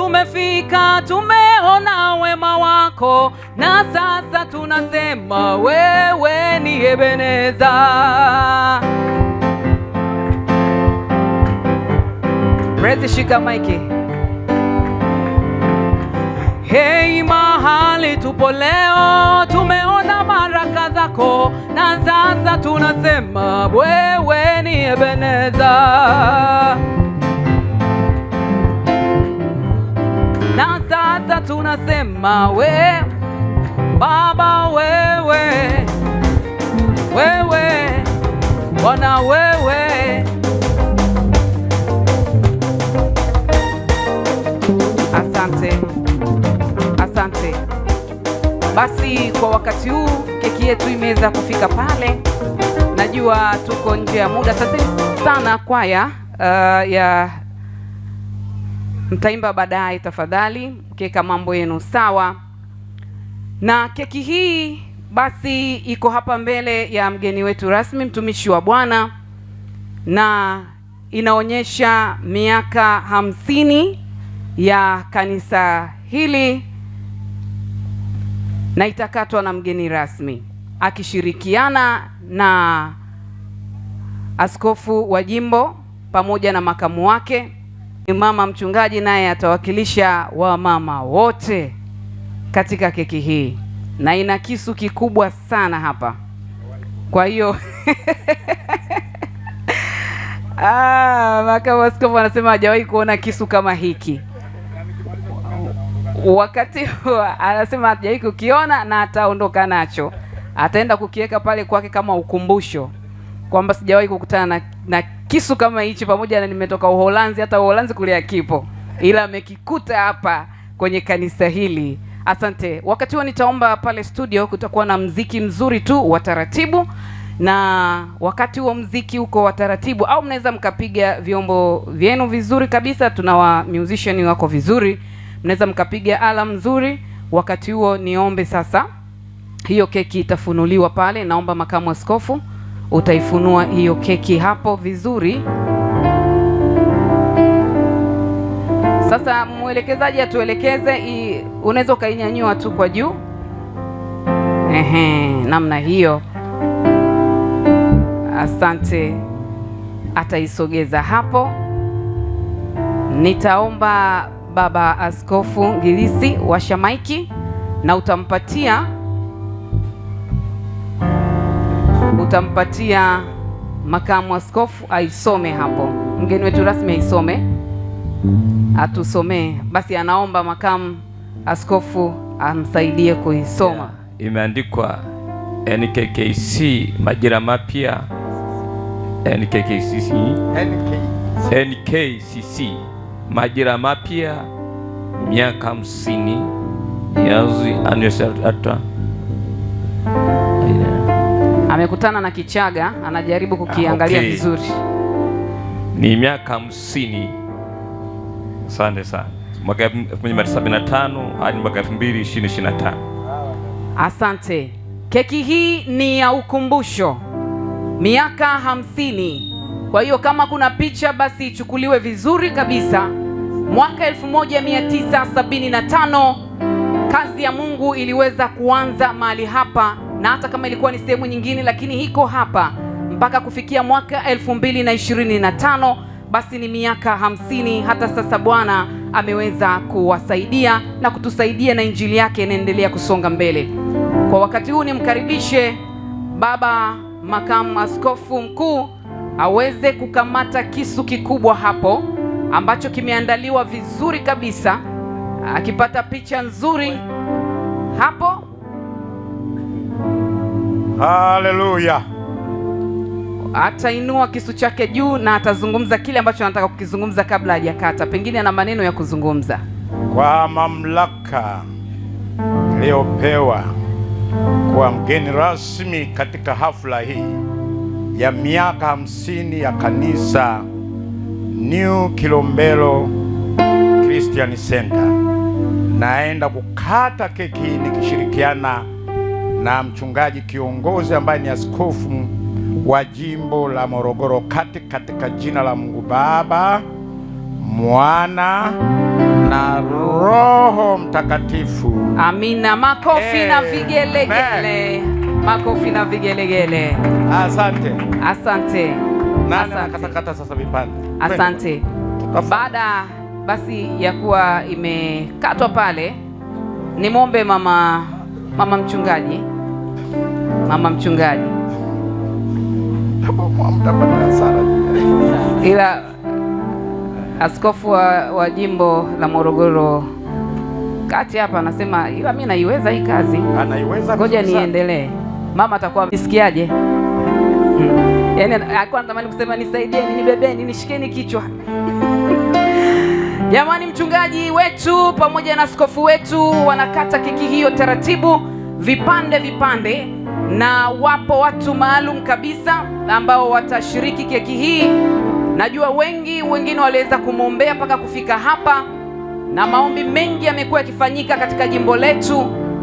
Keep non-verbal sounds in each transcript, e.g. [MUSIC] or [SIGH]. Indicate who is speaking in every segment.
Speaker 1: Tumefika, tumeona wema wako, na sasa tunasema wewe ni Ebeneza. Praise, shika maiki. Hei, mahali tupo leo, tumeona baraka zako, na sasa tunasema wewe ni Ebeneza. tunasema we Baba wewe wewe Bwana wewe, asante asante. Basi kwa wakati huu keki yetu imeweza kufika pale, najua tuko nje ya muda. Asante sana kwaya uh, ya mtaimba baadaye tafadhali, mkiweka mambo yenu sawa. Na keki hii basi iko hapa mbele ya mgeni wetu rasmi, mtumishi wa Bwana, na inaonyesha miaka hamsini ya kanisa hili na itakatwa na mgeni rasmi akishirikiana na askofu wa jimbo pamoja na makamu wake Mama mchungaji naye atawakilisha wamama wote katika keki hii, na ina kisu kikubwa sana hapa, kwa hiyo [LAUGHS] ah, makamu askofu anasema hajawahi kuona kisu kama hiki wakati anasema hajawahi kukiona, na ataondoka nacho, ataenda kukiweka pale kwake kama ukumbusho kwamba sijawahi kukutana na, na kisu kama hichi, pamoja na nimetoka Uholanzi, hata Uholanzi kule akipo, ila amekikuta hapa kwenye kanisa hili. Asante. Wakati huo nitaomba pale studio, kutakuwa na mziki mzuri tu wa taratibu, na wakati huo mziki uko wa taratibu, au mnaweza mkapiga vyombo vyenu vizuri kabisa. Tuna wa musician wako vizuri, mnaweza mkapiga ala mzuri. Wakati huo niombe sasa, hiyo keki itafunuliwa pale. Naomba makamu askofu Utaifunua hiyo keki hapo vizuri. Sasa mwelekezaji atuelekeze, unaweza ukainyanyua tu kwa juu. Ehe, namna hiyo. Asante. Ataisogeza hapo. Nitaomba Baba Askofu Ngilisi washa maiki na utampatia utampatia makamu askofu aisome hapo. Mgeni wetu rasmi aisome, atusomee basi. Anaomba makamu askofu amsaidie kuisoma yeah.
Speaker 2: Imeandikwa NKKC majira mapya NKKCC NKCC majira mapya miaka hamsini yazi anniversaire
Speaker 1: amekutana na Kichaga anajaribu kukiangalia ah, okay, vizuri.
Speaker 2: Ni miaka hamsini. Asante sana. Mwaka 1975 hadi mwaka 2025.
Speaker 1: Asante. Keki hii ni ya ukumbusho, miaka hamsini. Kwa hiyo kama kuna picha basi ichukuliwe vizuri kabisa. Mwaka 1975 kazi ya Mungu iliweza kuanza mahali hapa na hata kama ilikuwa ni sehemu nyingine, lakini iko hapa mpaka kufikia mwaka 2025 Basi ni miaka hamsini. Hata sasa Bwana ameweza kuwasaidia na kutusaidia, na injili yake inaendelea kusonga mbele. Kwa wakati huu nimkaribishe baba makamu askofu mkuu aweze kukamata kisu kikubwa hapo ambacho kimeandaliwa vizuri kabisa, akipata picha nzuri hapo
Speaker 2: Haleluya.
Speaker 1: Atainua kisu chake juu na atazungumza kile ambacho anataka kukizungumza kabla hajakata. Pengine ana maneno ya kuzungumza.
Speaker 2: Kwa mamlaka niliyopewa kuwa mgeni rasmi katika hafla hii ya miaka hamsini ya kanisa New Kilombero Christian Center, naenda kukata keki hii nikishirikiana na mchungaji kiongozi ambaye ni askofu wa jimbo la Morogoro Kati, katika jina la Mungu Baba, Mwana na Roho Mtakatifu.
Speaker 1: Amina. Makofi hey, na vigelegele. Makofi na vigelegele. Asante, asante.
Speaker 2: Nani sasa vipande?
Speaker 1: Asante. Baada basi ya kuwa imekatwa pale, nimwombe mama mama mchungaji, mama mchungaji, ila askofu wa, wa jimbo la Morogoro kati hapa anasema, ila mimi naiweza hii kazi, anaiweza. Ngoja niendelee. Mama atakuwa nisikiaje? Hmm. Yaani alikuwa anatamani kusema nisaidieni, nibebeni, nishikeni kichwa Mm. Jamani, mchungaji wetu pamoja na askofu wetu wanakata keki hiyo taratibu, vipande vipande, na wapo watu maalum kabisa ambao watashiriki keki hii. Najua wengi wengine waliweza kumwombea mpaka kufika hapa, na maombi mengi yamekuwa yakifanyika katika jimbo letu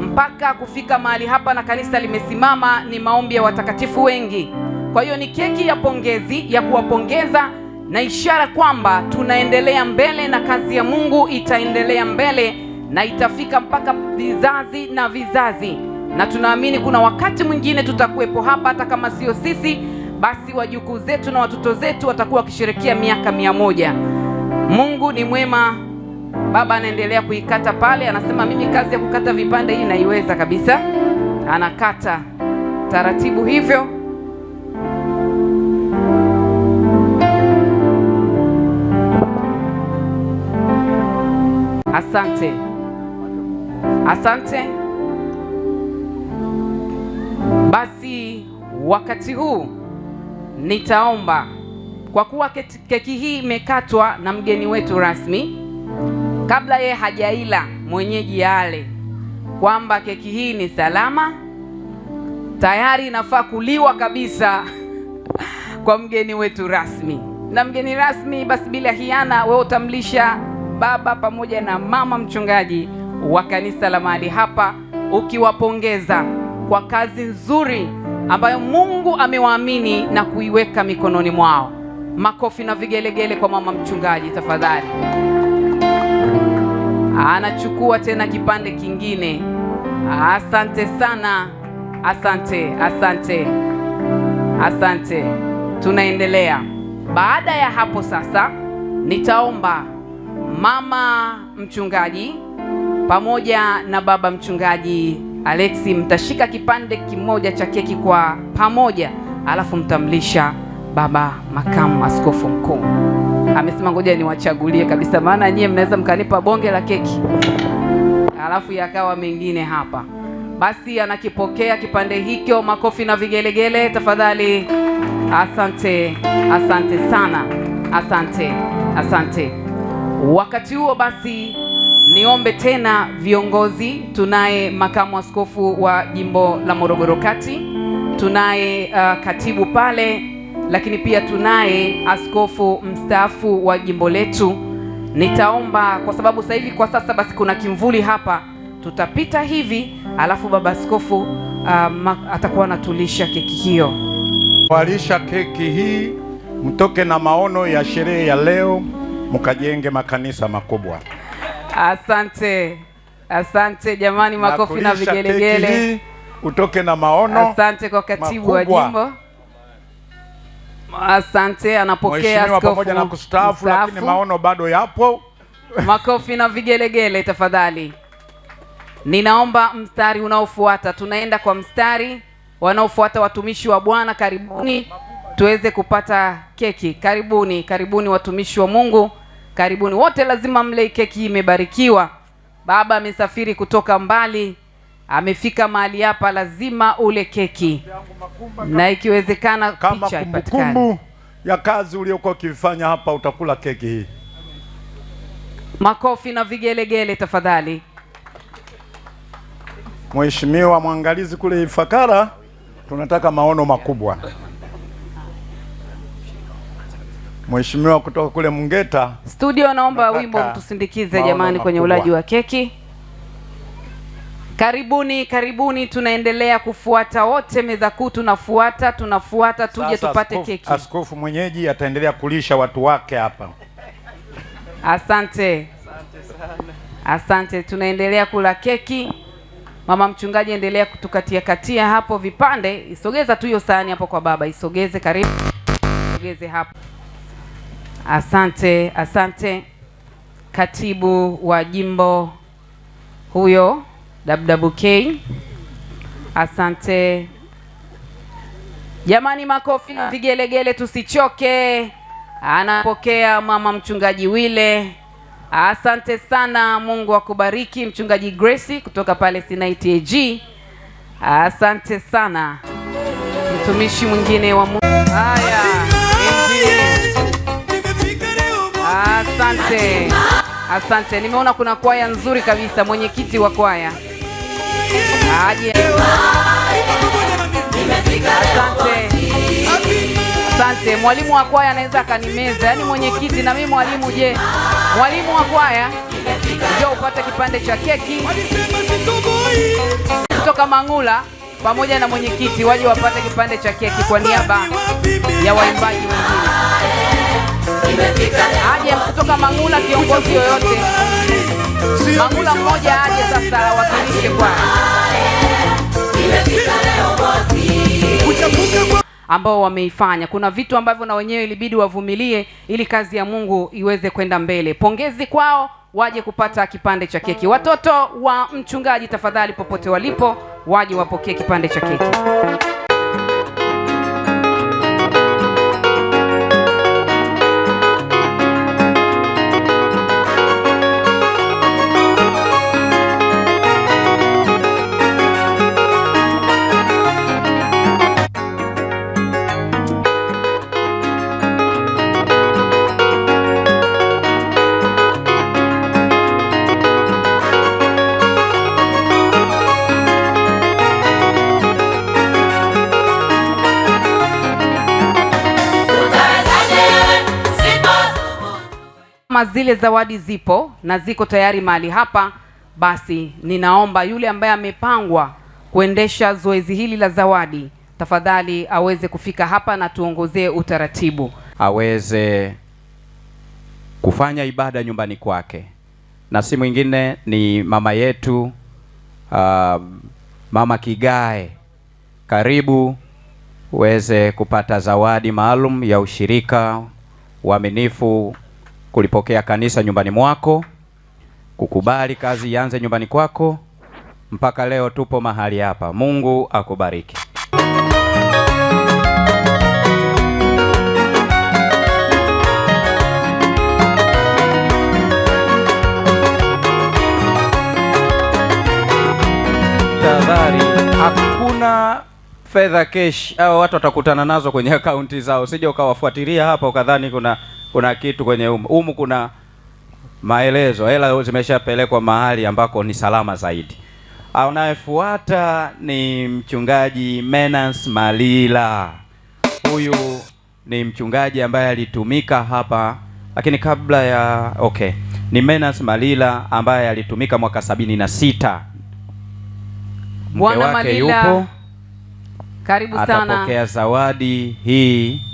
Speaker 1: mpaka kufika mahali hapa na kanisa limesimama. Ni maombi ya watakatifu wengi. Kwa hiyo ni keki ya pongezi ya kuwapongeza na ishara kwamba tunaendelea mbele na kazi ya Mungu itaendelea mbele na itafika mpaka vizazi na vizazi, na tunaamini kuna wakati mwingine tutakuwepo hapa, hata kama sio sisi, basi wajukuu zetu na watoto zetu watakuwa wakisherekea miaka mia moja. Mungu ni mwema. Baba anaendelea kuikata pale, anasema mimi kazi ya kukata vipande hii naiweza kabisa, anakata taratibu hivyo Asante, asante. Basi wakati huu nitaomba kwa kuwa keki hii imekatwa na mgeni wetu rasmi, kabla ye hajaila mwenyeji yale, kwamba keki hii ni salama tayari, inafaa kuliwa kabisa [LAUGHS] kwa mgeni wetu rasmi. Na mgeni rasmi basi, bila hiana, wewe utamlisha baba pamoja na mama mchungaji wa kanisa la mahali hapa, ukiwapongeza kwa kazi nzuri ambayo Mungu amewaamini na kuiweka mikononi mwao. Makofi na vigelegele kwa mama mchungaji tafadhali. Anachukua tena kipande kingine. Asante sana, asante, asante, asante. Tunaendelea. Baada ya hapo sasa, nitaomba mama mchungaji pamoja na baba mchungaji Alexi, mtashika kipande kimoja cha keki kwa pamoja, alafu mtamlisha baba makamu askofu mkuu. Amesema ngoja niwachagulie kabisa, maana nyie mnaweza mkanipa bonge la keki alafu yakawa mengine hapa. Basi anakipokea kipande hicho, makofi na vigelegele tafadhali. Asante, asante sana, asante, asante. Wakati huo basi, niombe tena viongozi. Tunaye makamu askofu wa jimbo la Morogoro Kati, tunaye uh, katibu pale, lakini pia tunaye askofu mstaafu wa jimbo letu. Nitaomba kwa sababu sasa hivi kwa sasa basi kuna kimvuli hapa, tutapita hivi alafu baba askofu uh, atakuwa anatulisha keki hiyo.
Speaker 2: Walisha keki hii, mtoke na maono ya sherehe ya leo mkajenge makanisa makubwa.
Speaker 1: Asante, asante jamani, makofi na vigelegele,
Speaker 2: utoke na maono. Asante kwa katibu wa jimbo.
Speaker 1: Asante, anapokea askofu pamoja
Speaker 2: na kustaafu, lakini maono bado yapo.
Speaker 1: Makofi na vigelegele tafadhali. Ninaomba mstari unaofuata, tunaenda kwa mstari wanaofuata. Watumishi wa Bwana, karibuni tuweze kupata keki. Karibuni, karibuni watumishi wa Mungu. Karibuni wote, lazima mle keki imebarikiwa. Baba amesafiri kutoka mbali, amefika mahali hapa, lazima ule keki na ikiwezekana
Speaker 2: kama kumbukumbu ya kazi uliokuwa ukifanya hapa, utakula keki hii.
Speaker 1: Makofi na vigelegele tafadhali.
Speaker 2: Mheshimiwa mwangalizi kule Ifakara, tunataka maono makubwa. Mheshimiwa kutoka kule Mungeta
Speaker 1: studio, naomba wimbo mtusindikize jamani, kwenye ulaji wa keki. Karibuni, karibuni, tunaendelea kufuata wote, meza kuu tunafuata, tunafuata, tuje tupate askofu, keki.
Speaker 2: Askofu mwenyeji ataendelea kulisha watu wake hapa.
Speaker 1: Asante, asante sana, asante. Tunaendelea kula keki. Mama mchungaji, endelea kutukatia katia hapo vipande, isogeza tu hiyo sahani hapo kwa baba, isogeze. Karibu, isogeze hapo. Asante, asante katibu wa jimbo huyo WWK, asante jamani, makofi na vigelegele tusichoke. Anapokea mama mchungaji Wile, asante sana, Mungu akubariki mchungaji Grace kutoka pale Sinai TAG, asante sana mtumishi mwingine wa Mungu. Haya. Asante, asante. Nimeona kuna kwaya nzuri kabisa. Mwenyekiti wa kwaya aje. Asante, asante. Mwalimu wa kwaya anaweza akanimeza, yaani mwenyekiti na mimi mwalimu. Je, mwalimu wa kwaya njoo upate kipande cha keki kutoka Mangula pamoja na mwenyekiti waje wapate kipande cha keki kwa niaba ya waimbaji wengine aje kutoka Mangula, kiongozi yoyote Mangula mmoja aje sasa awakilishe Bwana ambao wameifanya. Kuna vitu ambavyo na wenyewe ilibidi wavumilie ili kazi ya Mungu iweze kwenda mbele. Pongezi kwao, waje kupata kipande cha keki. Watoto wa mchungaji, tafadhali, popote walipo, waje wapokee kipande cha keki. kama zile zawadi zipo na ziko tayari mahali hapa, basi ninaomba yule ambaye amepangwa kuendesha zoezi hili la zawadi, tafadhali aweze kufika hapa na tuongozee utaratibu,
Speaker 2: aweze kufanya ibada nyumbani kwake, na si mwingine ni mama yetu uh, Mama Kigae, karibu uweze kupata zawadi maalum ya ushirika uaminifu kulipokea kanisa nyumbani mwako, kukubali kazi ianze nyumbani kwako. Mpaka leo tupo mahali hapa. Mungu akubariki. Habari. Hakuna fedha kesh au watu watakutana nazo kwenye [LAUGHS] akaunti zao, sije ukawafuatilia hapa ukadhani kuna kuna kitu kwenye umu, umu kuna maelezo, hela zimeshapelekwa mahali ambako ni salama zaidi. Anayefuata ni mchungaji Menas Malila. Huyu ni mchungaji ambaye alitumika hapa lakini kabla ya okay, ni Menas Malila ambaye alitumika mwaka sabini na sita.
Speaker 1: Mke wake yupo, atapokea
Speaker 2: zawadi hii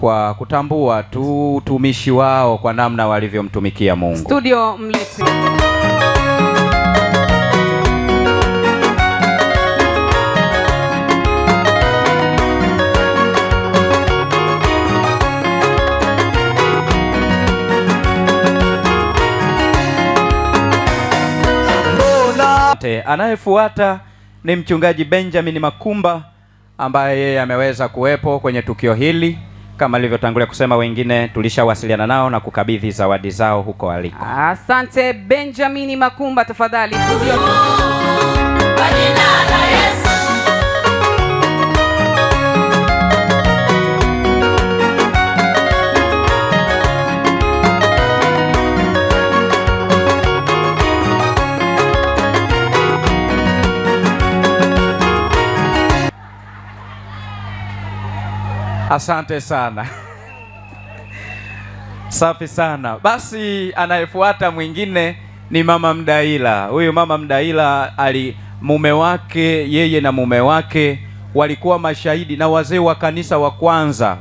Speaker 2: kwa kutambua tu utumishi wao kwa namna walivyomtumikia Mungu.
Speaker 1: Studio mlete.
Speaker 2: Anayefuata ni mchungaji Benjamin Makumba ambaye yeye ameweza kuwepo kwenye tukio hili kama nilivyotangulia kusema, wengine tulishawasiliana nao na kukabidhi zawadi zao huko waliko.
Speaker 1: Asante Benjamin Makumba, tafadhali studio.
Speaker 2: Asante sana. Safi sana. Basi anayefuata mwingine ni mama Mdaila. Huyu mama Mdaila ali mume wake, yeye na mume wake walikuwa mashahidi na wazee wa kanisa wa kwanza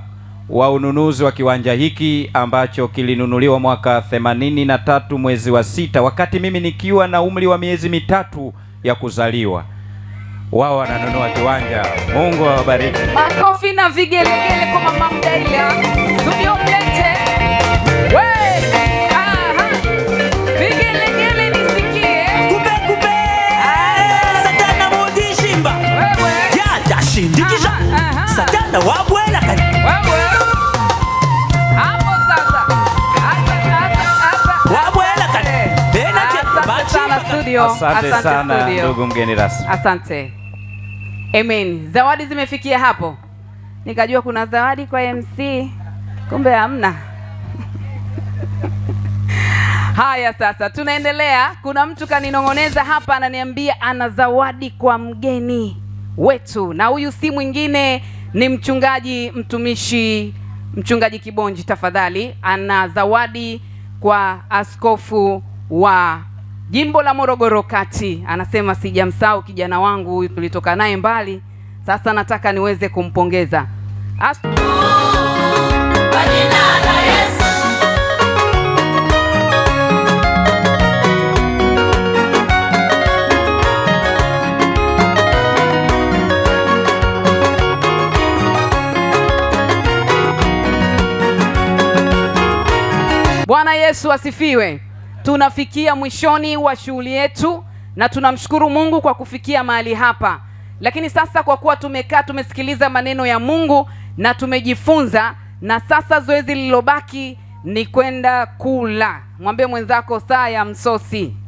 Speaker 2: wa ununuzi wa kiwanja hiki ambacho kilinunuliwa mwaka themanini na tatu mwezi wa sita wakati mimi nikiwa na umri wa miezi mitatu ya kuzaliwa wao wananunua kiwanja. Mungu awabariki.
Speaker 1: Makofi na vigelegele kwa mama Mdaila.
Speaker 2: studio. Asante, asante sana ndugu mgeni rasmi.
Speaker 1: Asante. Amen. Zawadi zimefikia hapo, nikajua kuna zawadi kwa MC, kumbe hamna. [LAUGHS] Haya, sasa tunaendelea. Kuna mtu kaninong'oneza hapa, ananiambia ana zawadi kwa mgeni wetu, na huyu si mwingine ni mchungaji mtumishi, mchungaji Kibonji. Tafadhali, ana zawadi kwa askofu wa Jimbo la Morogoro Kati, anasema sijamsahau kijana wangu huyu, tulitoka naye mbali. Sasa nataka niweze kumpongeza As Bwana Yesu asifiwe. Tunafikia mwishoni wa shughuli yetu na tunamshukuru Mungu kwa kufikia mahali hapa. Lakini sasa kwa kuwa tumekaa tumesikiliza maneno ya Mungu na tumejifunza, na sasa zoezi lililobaki ni kwenda kula. Mwambie mwenzako saa ya msosi.